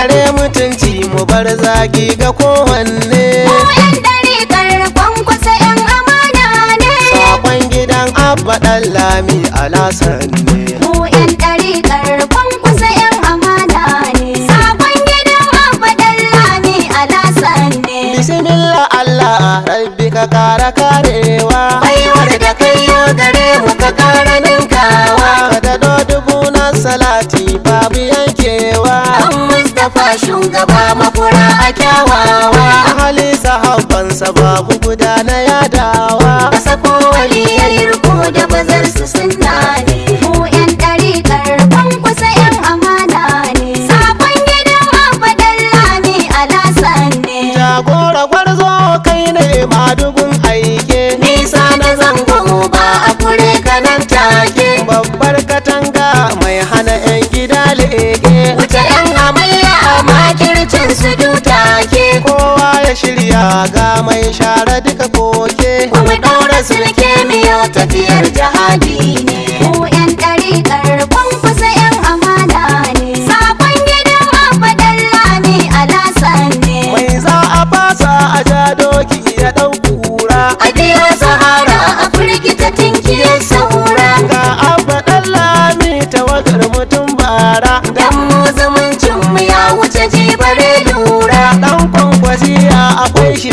kare mutunci mu bar zagi ga kowanne faɗan lami alasan ne. Mu ‘yan ɗariƙar kwankwasa ‘yan amana ne. Sabon gidan faɗan lami alasan ne. Bismillah Allah rabbi ka kara karewa. Baiwar da kai yau gare mu ka kara ninkawa. Ka da dubu na salati babu yan kafa shugaba mafura a shirya ga mai share duka koke kuma ɗaura sulke miyo tafiyar jihadi ne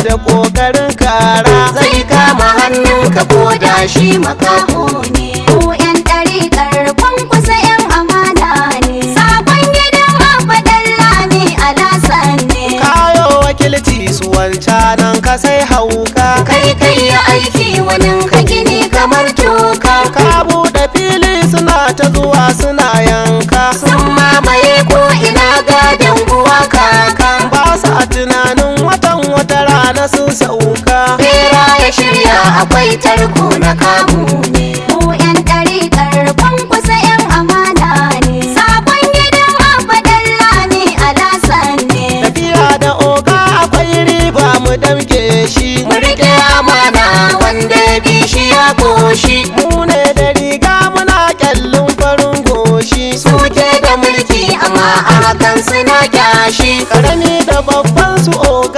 da ƙoƙarin kara zai kama hannunka ko da shi makaho ne ko 'yan ɗariƙar kusa 'yan amana ne sabon gidan mafaɗar lami alasan ne kayo wakilci su wancanan sai hauka kai kai ya aiki wanin ka gini kamar toka ka buɗe fili suna ta zuwa suna shirya na sun sauka bera ya shirya akwai tarko na kamu ne mu yan ɗariƙar kusa yan amana ne sakon gidan abadar a alasan ne tafiya da oga akwai riba mu damke shi mu riƙe amana wanda ya bi shi ya koshi mu ne da riga muna ƙyallin farin goshi suke da mulki amma a hakan suna kyashi ƙarami da babban su oga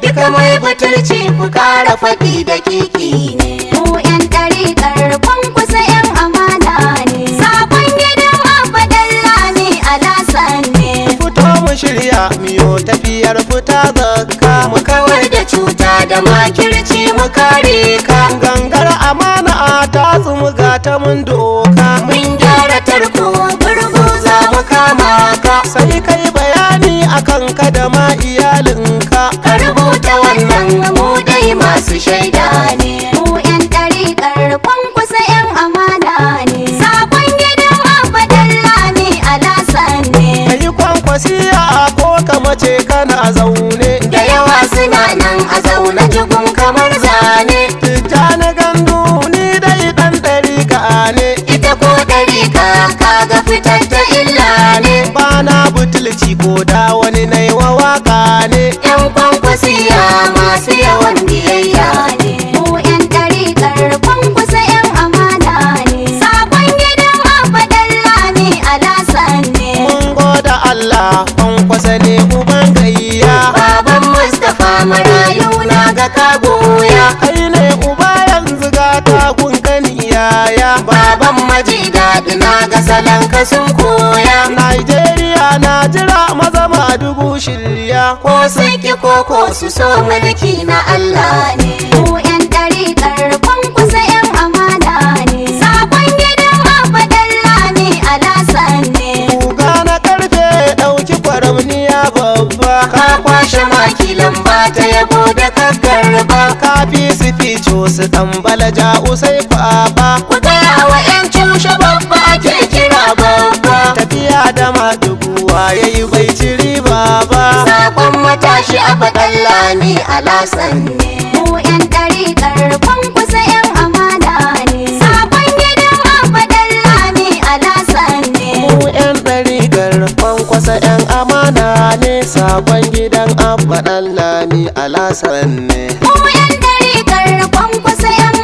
duka mai butulci ku kara faɗi da kiki ne mu yan ɗariƙar kun kusa yan amana ne sakon gidan abadalla ne alasan ne fito mu shirya miyo tafiyar fita zakka mu kawar da cuta da makirci mu kare ka gangar amana a tatsu mu gata mun doka mun gyara tarko burgu za mu kama ka sai kai bayani akan ka da ma iyalin san mu dai masu shaida ne mu yan ɗariƙar kusa yan amana ne sakon gidan abadan lami alasan ne kai kwankwasiya ko mace kana zaune da yawa suna nan a zaune masu yawan biyayya ne mu yan ɗariƙar kusa yan amana ne sabon gidan abadalla ne a ne mun goda Allah kusa ne uban gayya baban Mustapha marayu na ga kagoya baban maji daɗi na ga salon ka sun koya Najeriya na jira mazama ma dubu shirya ko sun ko ko su so mulki na Allah ne mu yan ɗariƙar kwankwasa yan amana ne sakon gidan abadan lami a lasane. kuga na karfe ɗauki kwaramniya babba ka kwashe makilan ba ta yabo da kakkarba ka fi su fi su tambala ja sai kwaba mushe babba ke kira babba tafiya da maduguwa ya yi bai ci riba ba sakon matashi a faɗan lami alasan ne mu yan ɗariƙar kwankwasa yan amana ne sakon gidan a faɗan lami alasan ne mu yan ɗariƙar kwankwasa yan amana ne sakon gidan a faɗan lami alasan ne mu yan ɗariƙar kwankwasa yan